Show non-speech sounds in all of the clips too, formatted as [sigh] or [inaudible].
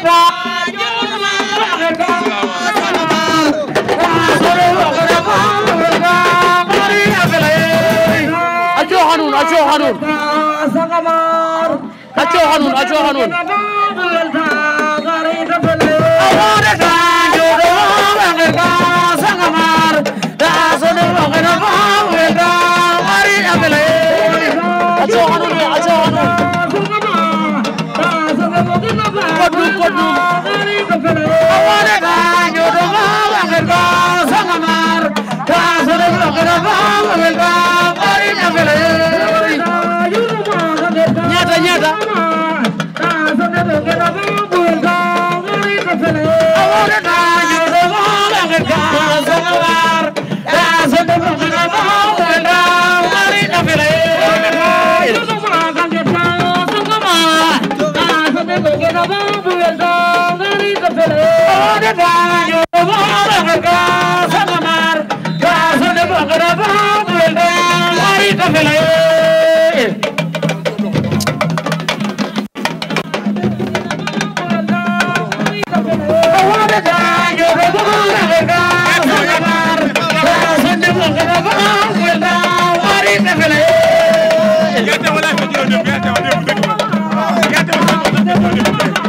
Acho Hanun. Acho Hanun, Acho Hanun. Acho Hanun, Acho Hanun. Bravo! Get the one I put you on the bed,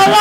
Come on,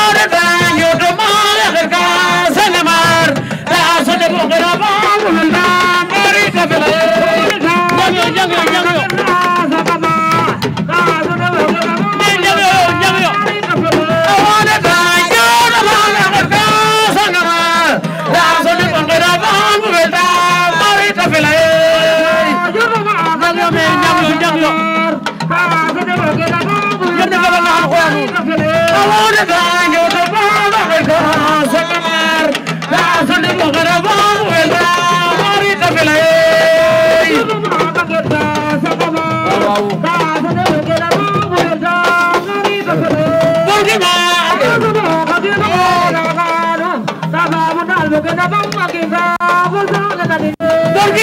Give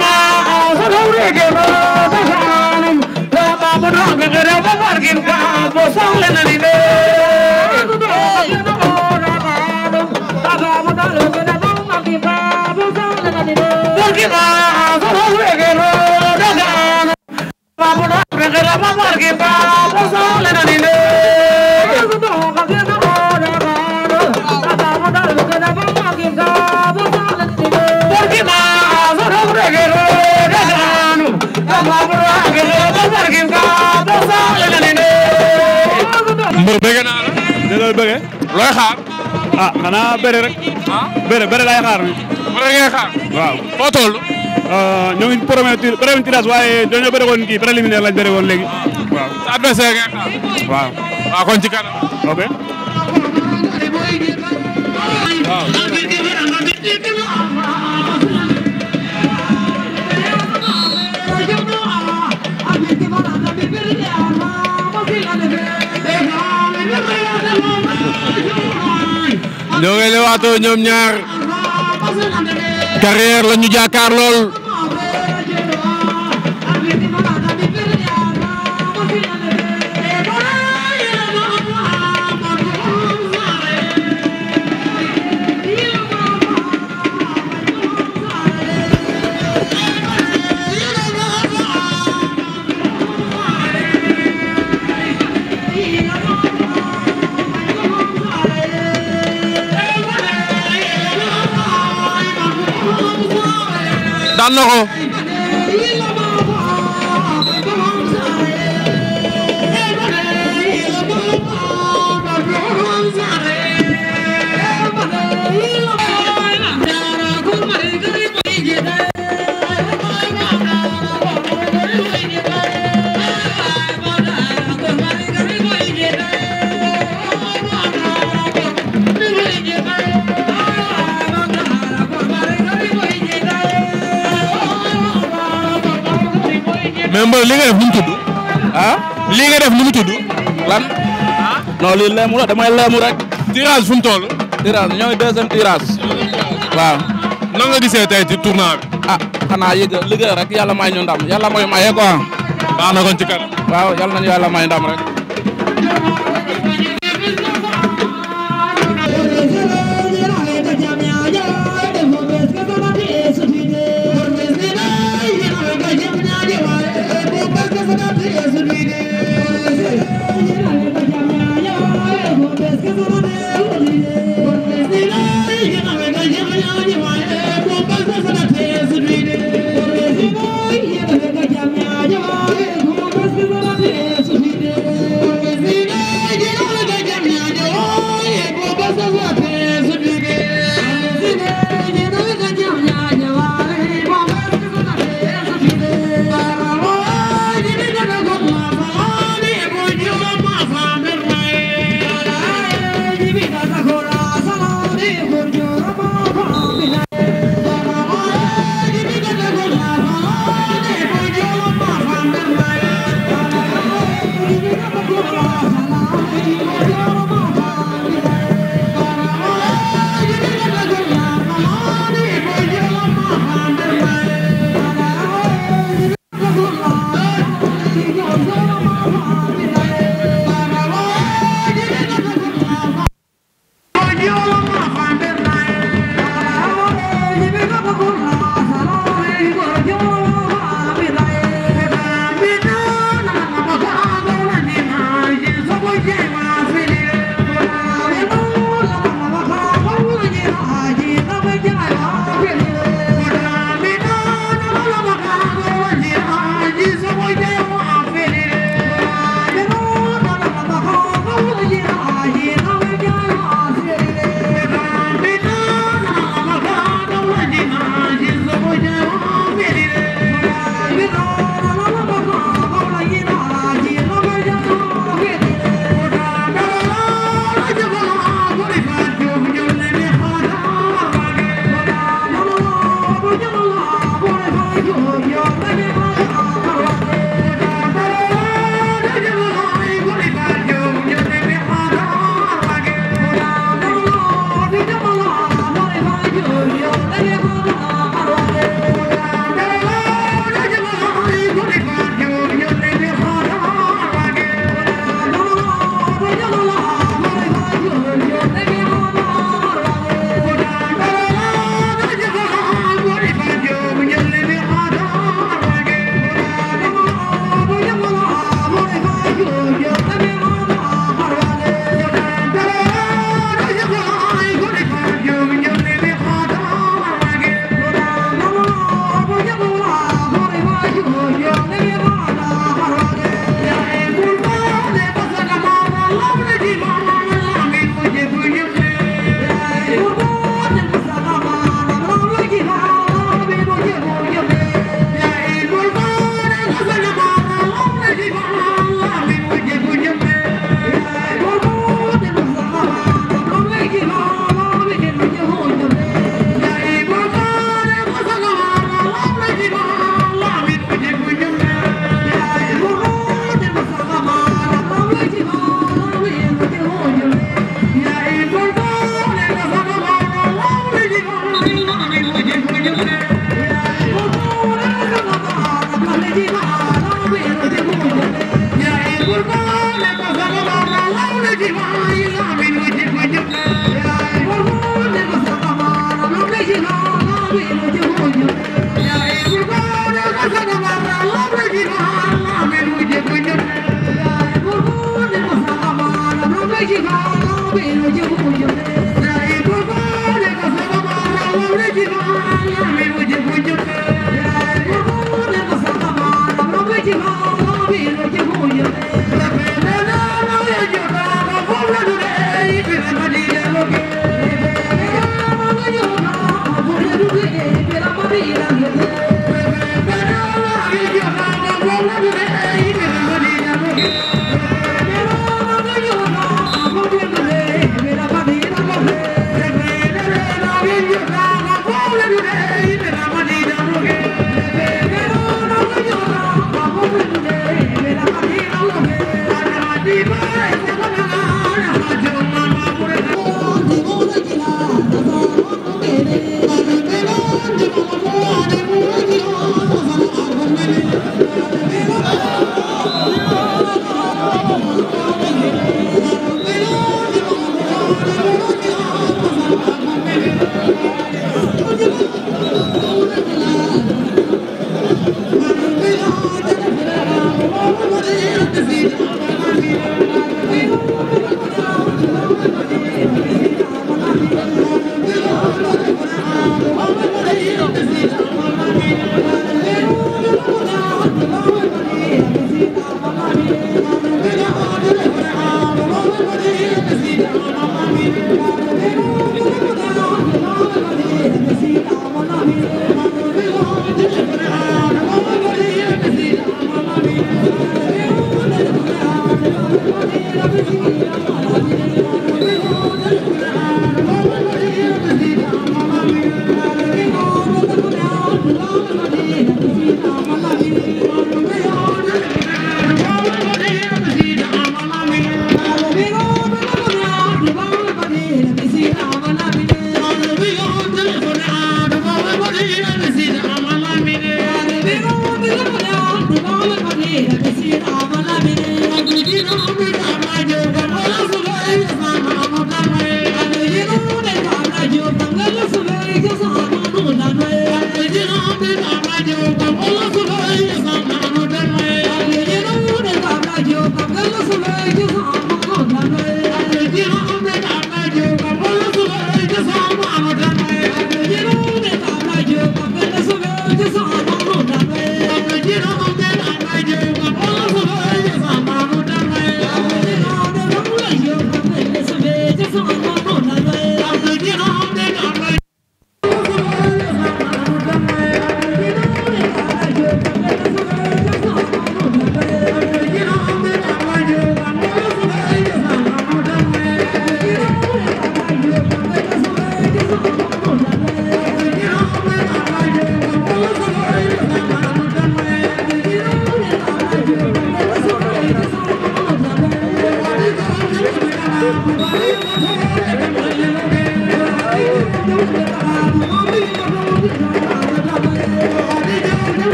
us a mbër bëgg naa la. delloo bëgge. looy xaar. ah xanaa bëre rek. ah bëre bëre laay xaar. bëre ngay xaar. waaw foo toll. Euh, ñoo ngi promettre bëriwoon tirage waaye dañoo bëri woon kii préliminaire lañ bëri woon léegi waaw. sa adversaire ngeen xaar. waaw. waaw kon ci kanam. ok. ñoo ngi leewaatoo ñoom ñaar carrière la ñu jàkkaar lool daan na ko damay leemu rek. tirage fu mu toll. tirage ñooy deuxième tirage. waaw. nan nga gisee tey ci tournoi bi. ah xanaa yëg liggéey rek yàlla may ñu ndam yàlla mooy maye quoi. baax na kon ci kanam. waaw yàlla nañu yàlla may ndam rek.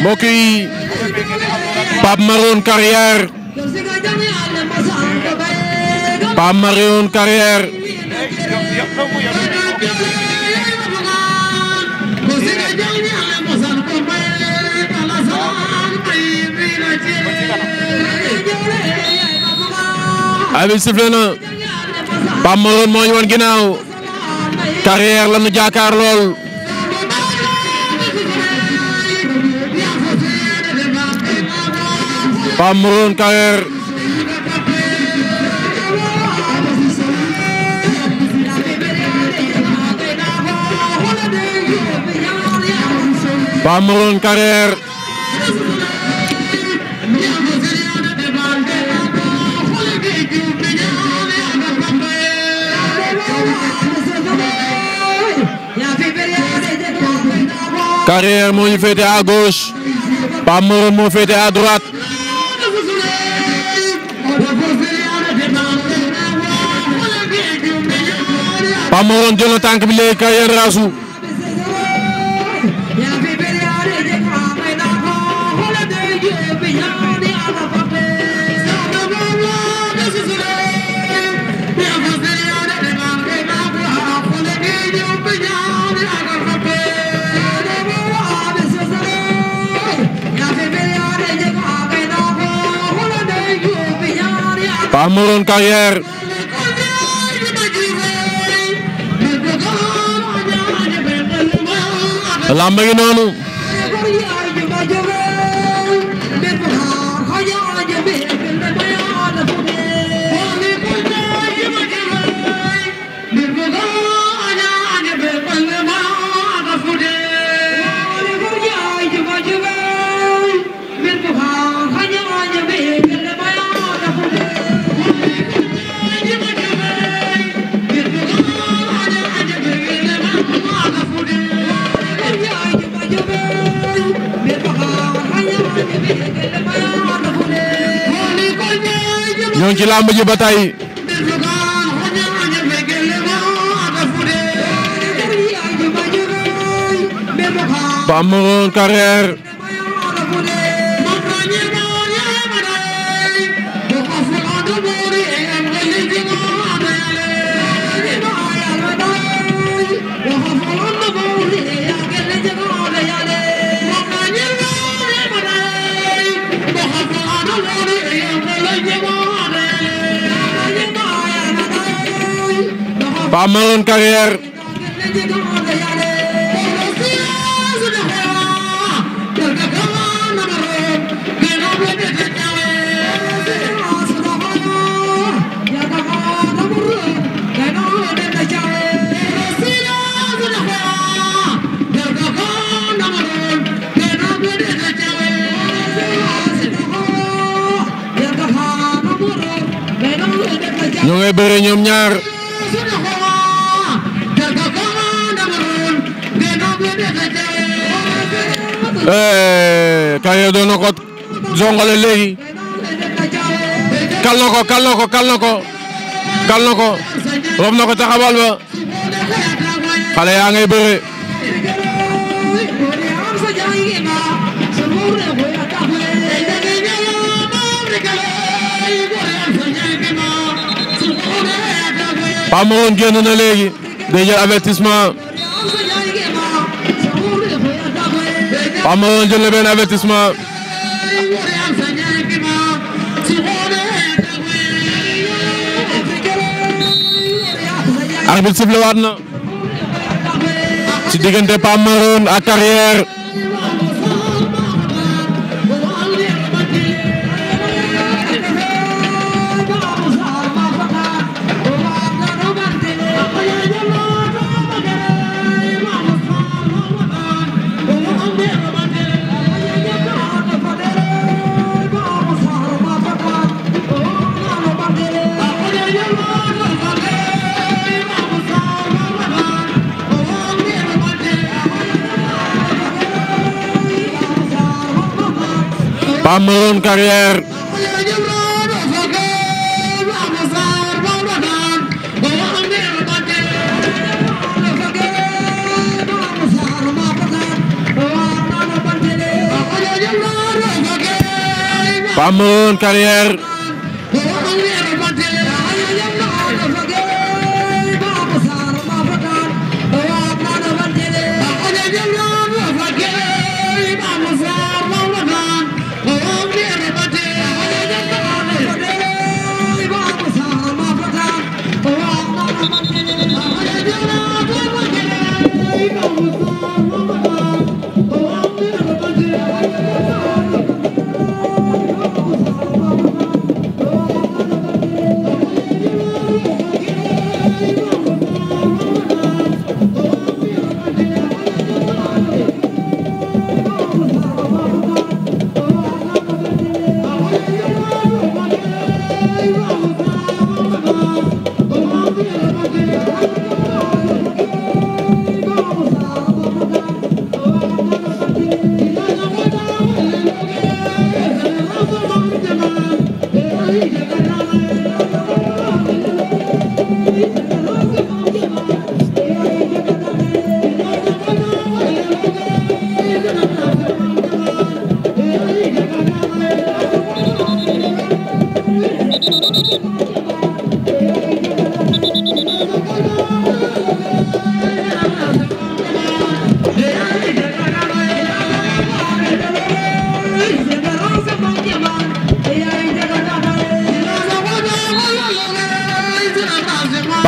mbokk yi Pape Maroon Carrière Pape abi sifle na Pape Maroon moo ñu woon ginnaaw carrière la nu jaakaar lool Pape Maroon carrière Pape Maroon Carrère Carrère moo ñu féete à gauche Pape Maroon moo féete rasu Paa Morone Carrière lamba ngi noonu ñoo ngi ba tey Pa Marone Carrière ñu ngay bëre ñoom ñaar Eh, Kaye doon na ko zongale léegi kal na ko kal na ko kal na ko kal na ko rob na ko taxawal ba xale yaa ngay bëre Pape Morone génn na léegi day jël avertissement Pape Maron jël na benn avertissement arbitre sifflé waat na ci diggante Pape Maron ak Carrière Pape Maroon Carrière Pape Maroon Carrière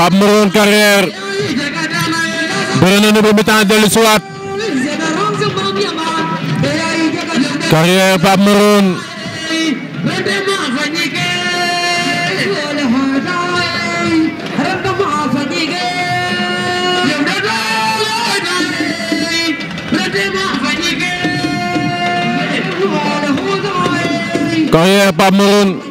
Pape Maroon Carrière bëri na ne ba mi-temps dellu si waat Carrière Pape Maroon Carrière Pape Maroon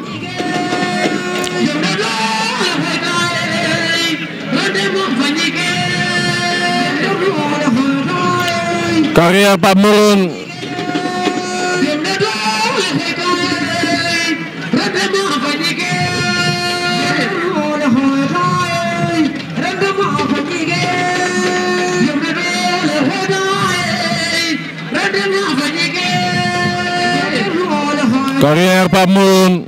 carrière Pape Morone carrière Pape Morone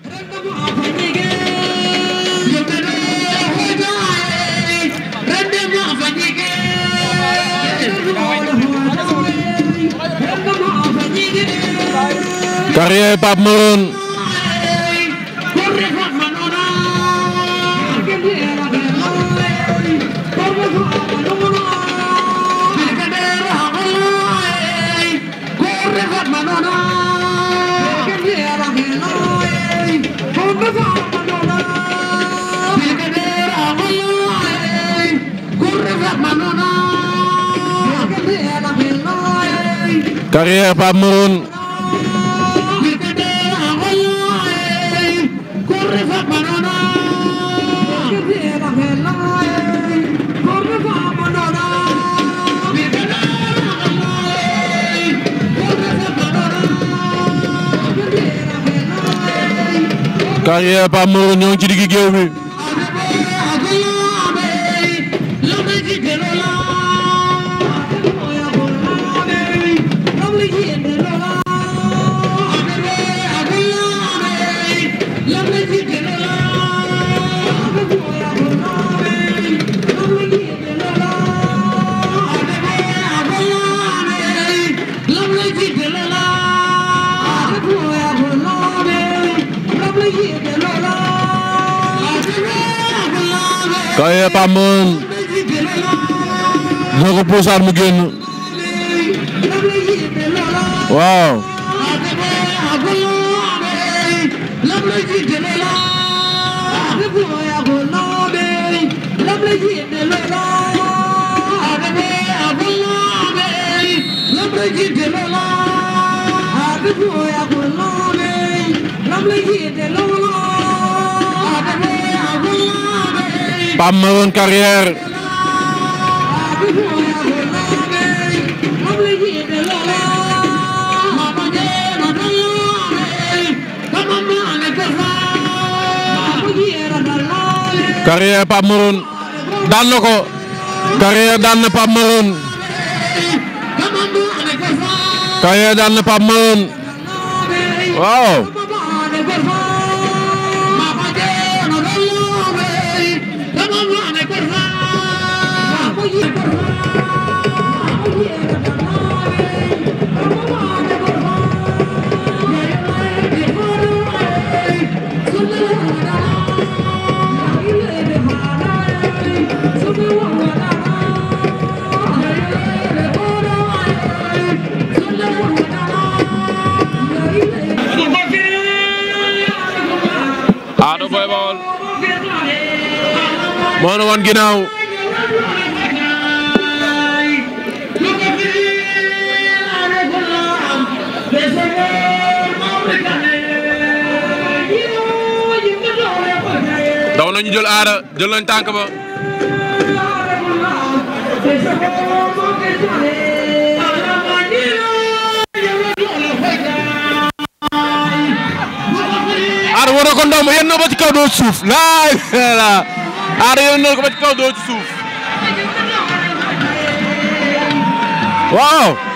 Guerrier Pape Marone Guerrier Pape Marone Carrière Pape Morone ñoo ngi ci digg géew kaye Pape Mor dina ko puusaat mu génn waaw Lamle yi de lolo Pape Marone Carrière Carrière Pape Marone daan na ko Carrière daan na Pape Marone Carrière daan na Pape waaw moo nu woon ginnaaw daw nañu jël aara jël nañ tànk ba aara war na ko ndomb yenn ba ci kaw doo suuf laa aada yéen na ko ba ci kaw doo ci suuf waaw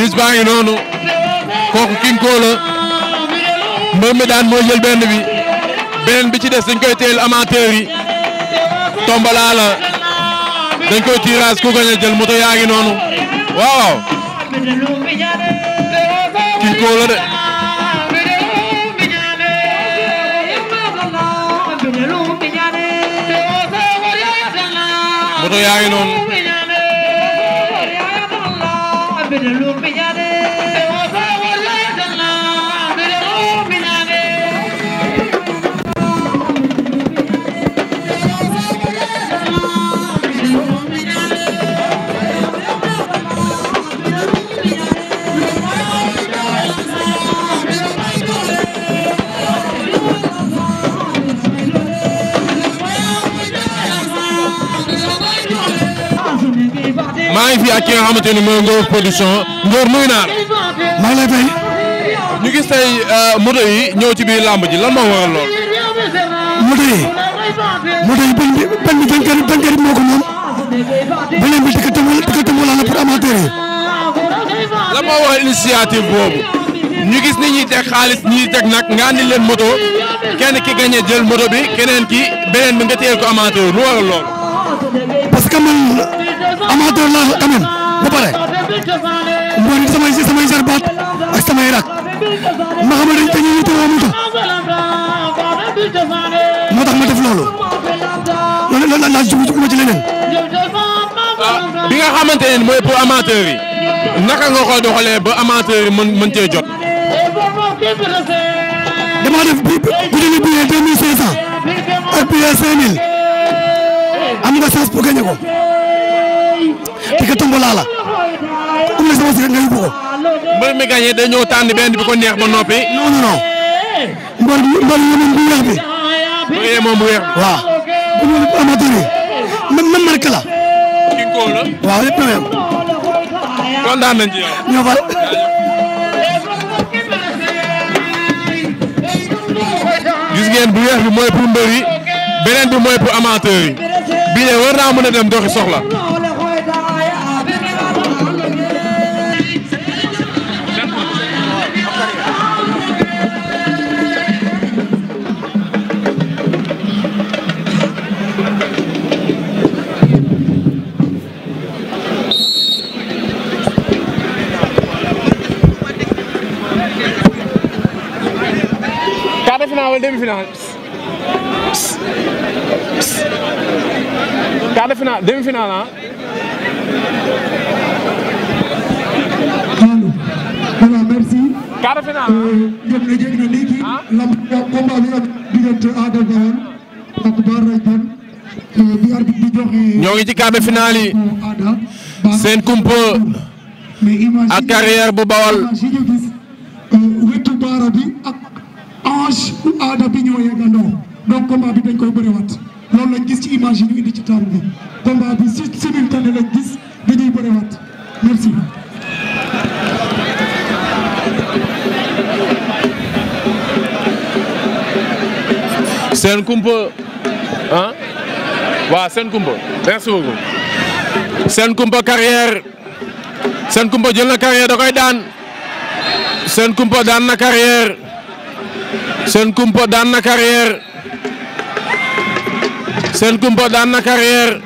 bis baa ngi noonu kooku King Koo la mi daan moo jël bi beneen bi ci des dañ koy teel amateur yi tombalaa la dañ koy tirage ku gañ moto yaa ngi noonu waaw King Koo de moto yaa ngi noonu xamante ni mooy Ngor production Ngor nuyu naa la. maa ñu gis tey euh, moto yi ñëw ci biir làmb ji lan moo waral lool. moto yi. moto yi benn bi benn benn benn benn moo ko moom. beneen bi di ko tëmbal la pour amateur yi. lan moo waral initiative boobu. ñu gis ni ñuy teg xaalis ñuy teg nag nga andi leen moto kenn ki gagné jël moto bi keneen ki beneen bi nga téye ko amateur lu waral lool. parce que man amateur laa quand ba pare mboolem samay samay jarbaat ak samay rak ma xam ne dañ dañuy yitewoo moto moo tax ma def loolu loolu loolu laa jug juguma ci leneen. bi nga xamante ne mooy pour amateurs yi naka nga ko doxalee ba amateurs yi mën mën cee jot. damaa def bu bu jëlee billet deux mille ak billet cinq mille am nga chance pour gagné ko. Mbacke Tumbalaa la. ku ne sama sikkat nga yóbbu ko. mbër mi gagné day ñëw tànn benn bi ko neex ba noppi. non non non. mbër mbër yéen bu weex bi. bu yee moom bu weex bi. waaw. bu ñu amateur yi. même même marque la. ki ko la. waaw lépp même. kontaan nañ ci yow. ñoo fa. gis ngeen bu weex bi mooy pour mbër yi beneen bi mooy pour amateur yi bii de war naa mën a dem doxi soxla mooy demi-finale quart de finale demi-finale ah. alors merci. quart de finale ñoom euh, la jéggi léegi. lamb combat bi am diggante Ada Bawol ak Bara Dione euh, bi arbitre bi joxe. ñoo ngi ci quart de finale yi. seen kumpa ak carrière bu Bawol. wétu Bara bi ak Ange. aada bi ñoo yeggandoo donc combat bi dañ lañ gis ci image yi ñu ci table bi combat bi gis dañuy bëriwaat merci. seen kumpa ah waaw seen kumpa merci beaucoup seen kumpa carrière seen kumpa jël na carrière da daan seen kumpa daan na carrière seen kumpa daan na carrière seen kumpa daan na carrière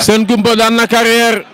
seen kumpa daan na carrière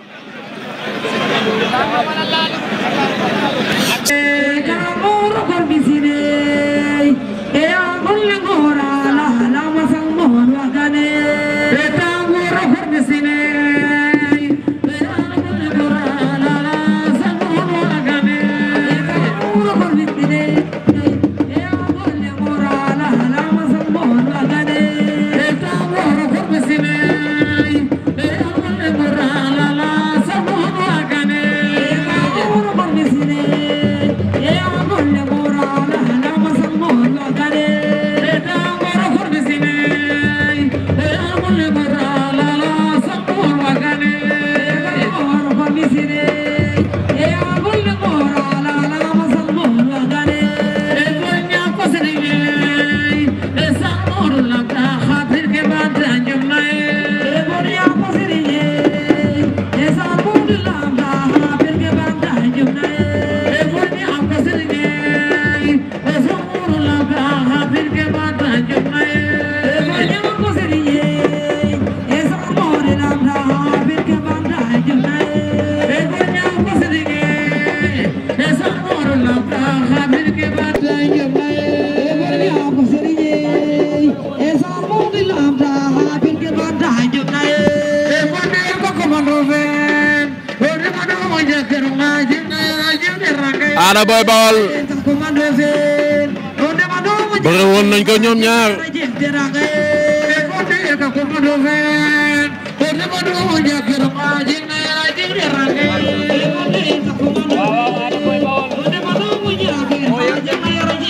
woon nañ ko ñoom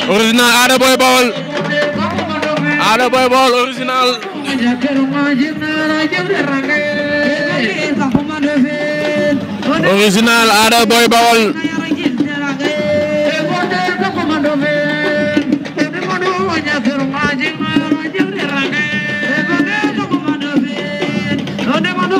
original Ada Boy Baol Ada Boy Baol original Ada Boy Baol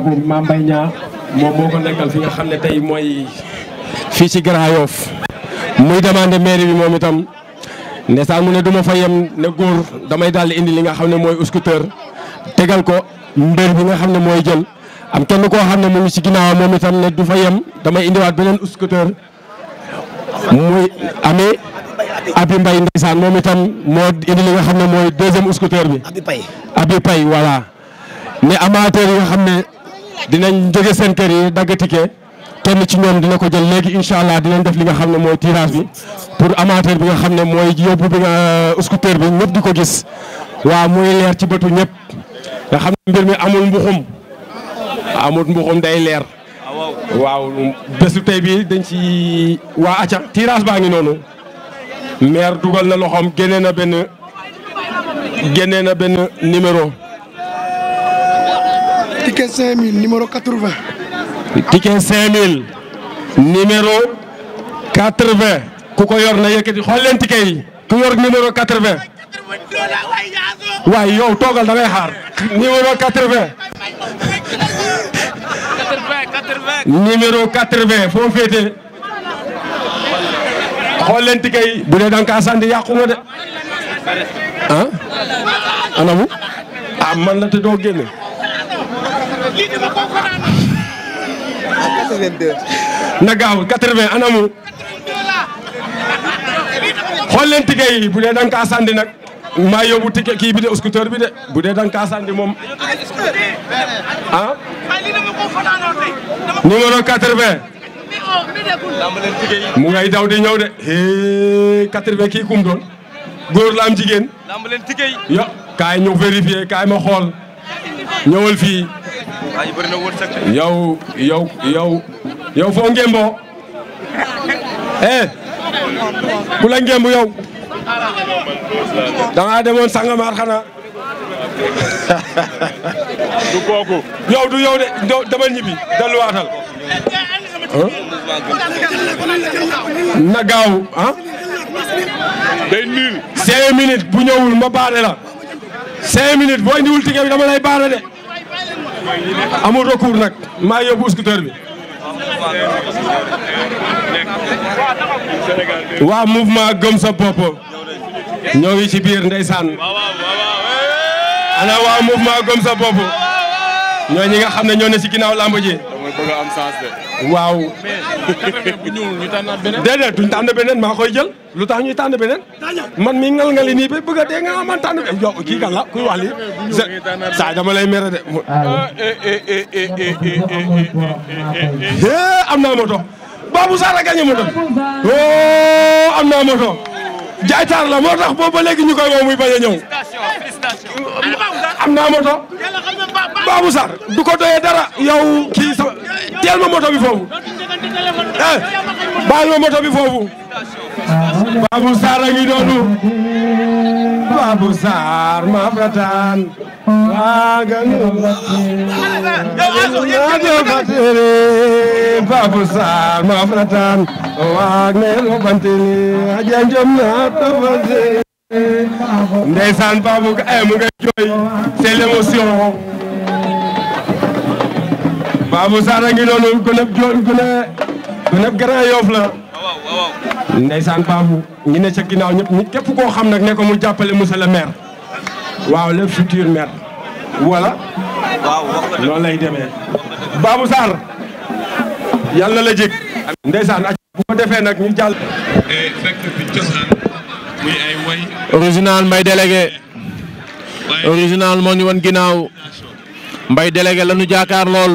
Dramé Mame Mbaye Niang moom moo ko nekkal fi nga xam ne tey mooy fii ci Grand muy demandé mairie bi moom itam ne ndeysaan mu ne du ma fa yem ne góor damay daal indi li nga xam ne mooy scooter tegal ko mbër bi nga xam ne mooy jël am kenn koo xam ne mu ngi ginnaaw moom itam du fa yem damay indiwaat beneen scooter muy amee Abi Mbaye ndeysaan moom itam moo indi nga xam ne mooy deuxième scooter bi. Abi Paye Abi ne amateur yi nga xam ne. dinañ jóge seen kër yi dagg ticket kenn ci ñoom dina ko jël léegi incha allah dinañ def li nga xam ne mooy tirage bi pour amateur bi nga xam ne mooy yóbbu bi nga euh, scooter bi ñëpp di ko gis waaw muy leer ci bëtu ñëpp nga xam ne mbir mi amul mbuxum amul mbuxum day leer waaw bésu tey bi dañ ci waa acca tirage baa ngi noonu maire dugal na loxoom génnee na benn génnee na benn numéro ticket 5000 numéro 80. ticket 5000 numéro 80 ku ko yor na yëkkati xool leen ticket yi ku yor numéro 80 waaye yow toogal da xaar numéro 80. numéro 80 foo féete xool leen ticket bu dee da nga kaa sànni yàqu de ah anamu ah man la te doo génne. 82. na gaaw 80 anamu. xool leen ticket yi bu dee da nga nag maa yóbbu ticket bi de scooter bi de bu dee da nga kaa sànni moom. ah. numéro 80. mu ngay daw di ñëw de. hee 80 kii kum doon. góor la am jigéen. yo kaay ñu vérifier kaay ma xool. ñëwal fii yow yow yow yow foo ngémboo eh ku la ngémb yow danga demoon Sangomar xana [laughs] du kooku du yow de dama ñibbi delluwaatal na gaaw ah? day niil cinq minutes bu ñëwul ma baale la cinq minutes booy indiwul ticket bi dama lay baara de amul recours nag maa yóbbu scooter bi waa mouvement gëm sa bopp ñoo ngi ci biir ndeysaan ana waa mouvement gëm sa bopp ñoo ñi nga xam ne ñoo ne si ginnaaw làmb ji bëgg am sens de. waaw. mais bu ñëwul ñu tànnaat beneen. duñ tànn beneen maa koy jël lu tax ñuy tànn beneen. man mi ngal ngali nii ba bëgg a dee nga man tànn beneen yow kii kan la kuy wax lii. saa dama lay mere de. am naa moto Babou Sarr a gagné moto. am naa moto. jaaytaar la moo tax boobu ba léegi ñu koy woo muy bañ a ñëw am naa moto Babou Sarr du ko doyee dara yow kii sa teel ma moto bi foofu eh baal ma moto bi foofu Babou Sarr a ngi noonu Babou Sarr ma fatan waaga nu Babou Sarr ma fatan waag ne lobantini a janjom na tofase ndeysaan Babou ay eh, mu nga jooy c'est l'émotion Babou Sarr a ngi noonu gone gone gone grand Yoff la ndeysaan baabu ñi ne ca ginnaaw ñëpp ñi képp koo xam nag ne ko mu jàppale monsieur le maire waaw le futur maire voilà loolu lay demee Babou Sarr yàlla na la jég ndeysaan ak bu ko defee nag ñu jàll eh, fekk fi original mbay délégué original moo ñu won ginnaaw mbay délégué la jaakaar lool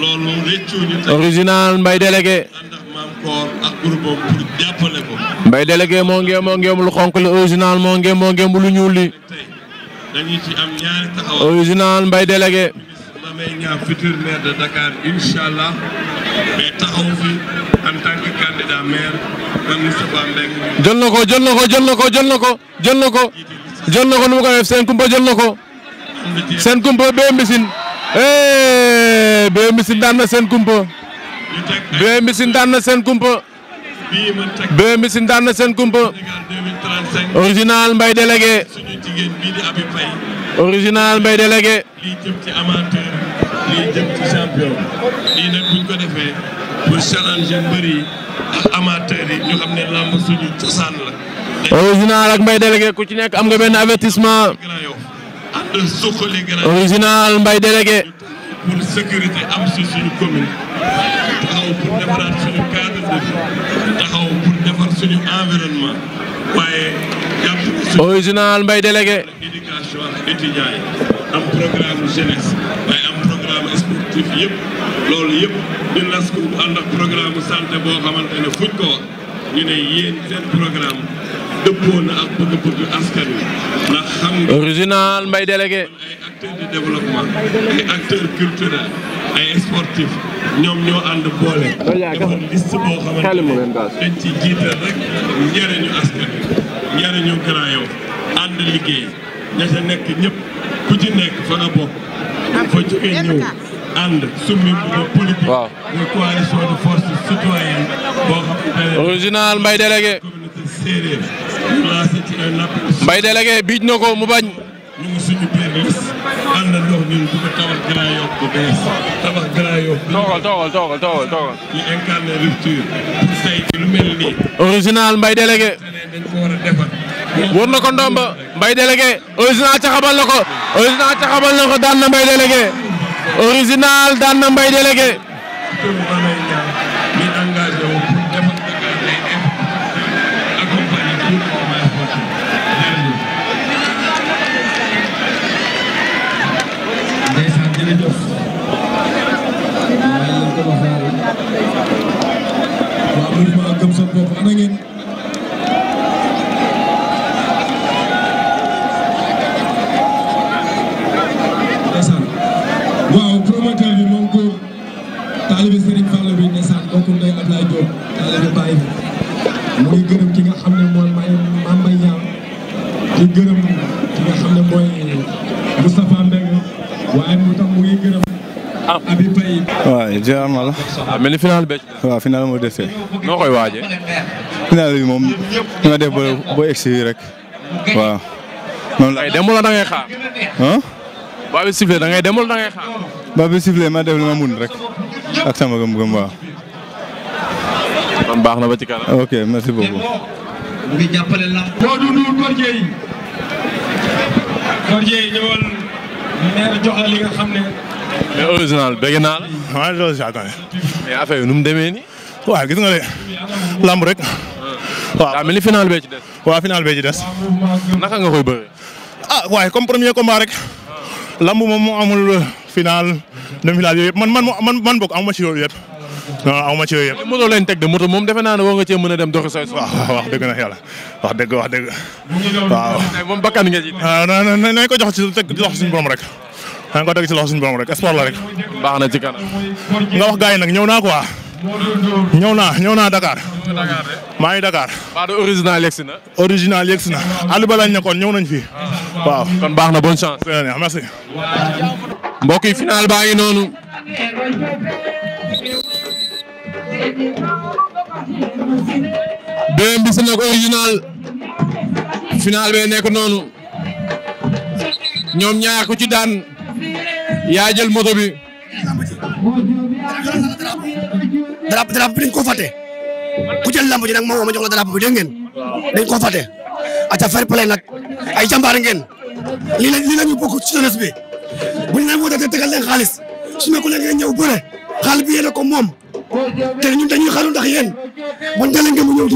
loolu rëccuñu tey original Mbaye délégué. Mbaye délégué moo ngeem moo ngeem lu xonk li original moo ngeem moo ngeem lu ñuul li. original Mbaye délégué. damay ñaan futur maire de Dakar incha allah mais taxaw fi en tant que candidat maire man Moustapha Mbengue. jël na ko jël na ko jël na ko jël na ko jël na ko jël na ko nu mu ko def seen kumpa jël na ko. seen kumpa bee mbisin Béy Mbissine daan na seen kumpa Béy Mbissine daan na seen kumpa Béy Mbissine daan na seen kumpa original Mbaye délégué original Mbaye délégué. original ak Mbaye délégué ku ci nekk am nga benn avertissement. original Mbaye délégué. pour sécurité am si suñu commune taxaw pour defaraat suñu cadre de vie taxaw pour defar suñu environnement waaye jàpp. original Mbaye délégué. éducation ak étudiants yi am programme jeunesse waaye am programme sportif yëpp loolu yëpp ñu nas ko ànd ak programme santé boo xamante ne fuñ ko wax ñu ne yéen seen programme. dëppoo na ak bëgg-bëgg askan wi ndax xam nga. original Mbaye délégué. ay acteurs de développement ay acteurs culturels ay sportifs ñoom ñoo ànd boole. dafa liste boo xamante ne dañ ci jiital rek njëriñu askan wi njëriñu Grand Yoff liggéey ña ca nekk ñëpp ku ci nekk fa nga bokk ah, fa jógee ñëw. ànd summi ba politique. waaw muy coalition de forces citoyennes boo xam. original Mbaye délégué. Mbaye délégué biij na ko mu bañ. ñun suñu biir lés ànd ndox ñun bu ko tabax Grand Yoff bu bees tabax Grand Yoff. toogal toogal toogal toogal toogal. ñu incarné rupture pour tey lu mel nii. original Mbaye délégué. dañ ko war a defar. wër na ko ndomba Mbaye délégué original caxabal na ko original caxabal na ko daan na Mbaye délégué original daan na Mbaye délégué. Abdoulaye Diop daa leen bàyyi mu ngi gërëm ki nga xam ne mooy may Mame Mbaye waaye mu tam mu ngi gërëm Abi Paye waaw la waaw ah, mel ni final moo dese noo koy waajee final bi moom nga def ba ba rek waaw noonu la demul da ngay xaar ah bi sifflé da ngay demul da ngay xaar bi sifflé ma def li ma mun rek ak sama gëm-gëm baax na ba ci kanam. ok merci beaucoup. original bëgg naa la. maa ngi doon seetaan. mais affaire yi nu mu demee nii. waaw gis nga de lamb rek. Ah, waaw daa bee ci des. ci des. naka nga koy bëree. ah waaye comme premier combat rek. lamb moom moo amul final demi final yooyu yëpp man man man man yooyu yëpp. non ah, aw ma ci yooyu yëpp. moto lañ teg de moto moom defe naa ne war nga cee mën a dem doxi say. waaw wax dëgg na yàlla wax dëgg wax dëgg. waaw moom bakkan nga ci. ah non non nañ ko jox ci teg loxo suñu borom rek. nañ ko teg ci loxo suñu borom rek sport la rek. baax na ci kanam. nga wax gars yi nag ñëw naa quoi. ñëw naa ñëw naa Dakar. maa ngi Dakar. waa de original yegsi na. na àll ba nañ fii. Ah. waaw kon na bonne chance. merci. mbokk yi baa ngi noonu. beneen bis nag original final bee nekk noonu ñoom ñaar ku ci daan yaa jël moto bi. drapeau drapeau bi dañ ko fàtte ku jël lamb ji ma woo ma jox la drapeau bi dégg ngeen dañ ko fàtte aca fair play nag ay jàmbaar ngeen lii la lii bi bu ñu leen wootee tegal leen xaalis su ma ko leen ngeen ñëw bëre bi yéene ko moom. a ñun dañuy xaru ndax yéen man dalee ngeen mu ñëw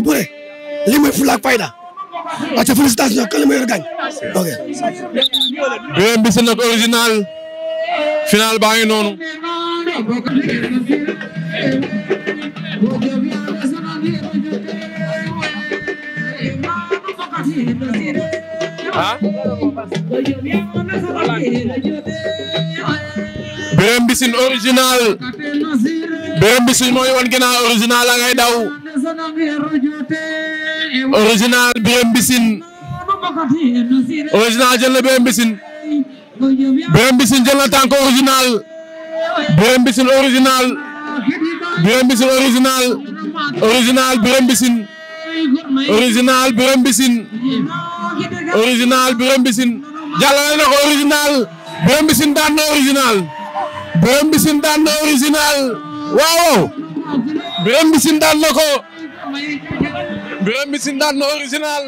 fayda parce que félicitation kan la ma yor gaañ final baa ngi noonu. Birame Mbissi mooy wan ginnaaw original la ngay daw original Birame original jël na Birame Mbissi original original Birame original original Birame Mbissi original na ko original Birame daan na original waaw Birame Mbissine daan na ko Birame Mbissine daan na original